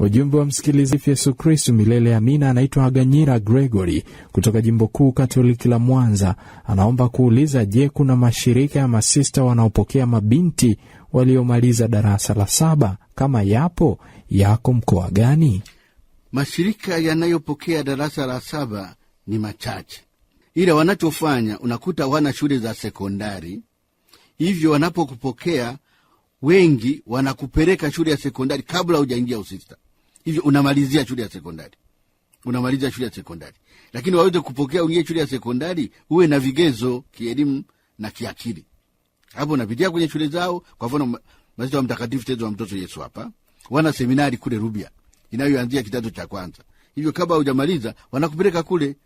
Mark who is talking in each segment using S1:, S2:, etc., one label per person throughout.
S1: Ujumbe wa msikilizi Yesu Kristu milele amina. Anaitwa Aganyira Gregory kutoka jimbo kuu Katoliki la Mwanza. Anaomba kuuliza, je, kuna mashirika ya masista wanaopokea mabinti waliomaliza darasa la saba? Kama yapo, yako mkoa gani?
S2: Mashirika yanayopokea darasa la saba ni machache, ila wanachofanya unakuta wana shule za sekondari, hivyo wanapokupokea wengi wanakupeleka shule ya sekondari kabla hujaingia usista hivyo unamalizia shule ya sekondari unamaliza shule ya sekondari lakini waweze kupokea uingie shule ya sekondari uwe na vigezo kielimu na kiakili hapo unapitia kwenye shule zao kwa mfano mazito wa mtakatifu tezo wa mtoto yesu hapa wana seminari kule rubia inayoanzia kidato cha kwanza hivyo kabla hujamaliza wanakupeleka kule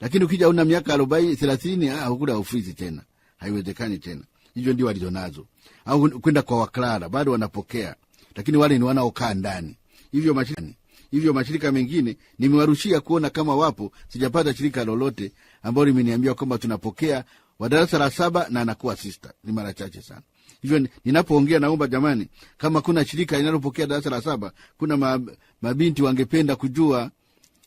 S2: lakini ukija una miaka arobaini thelathini hukula ah, ofisi tena haiwezekani tena hivyo ndio walizonazo au kwenda kwa waklara bado wanapokea lakini wale ni wanaokaa ndani hivyo mashirika, hivyo mashirika mengine nimewarushia kuona kama wapo. Sijapata shirika lolote ambao limeniambia kwamba tunapokea wa darasa la saba na anakuwa sista, ni mara chache sana. Hivyo ninapoongea naomba jamani, kama kuna shirika linalopokea darasa la saba, kuna mabinti wangependa kujua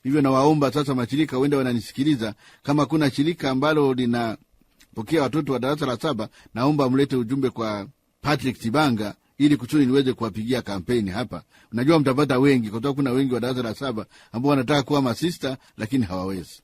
S2: hivyo nawaomba sasa mashirika huenda wananisikiliza, kama kuna shirika ambalo linapokea watoto wa darasa la saba, naomba mlete ujumbe kwa Patrick Tibanga ili kusudi niweze kuwapigia kampeni hapa. Najua mtapata wengi, kwa sababu kuna wengi wa darasa la saba ambao wanataka kuwa masista lakini hawawezi.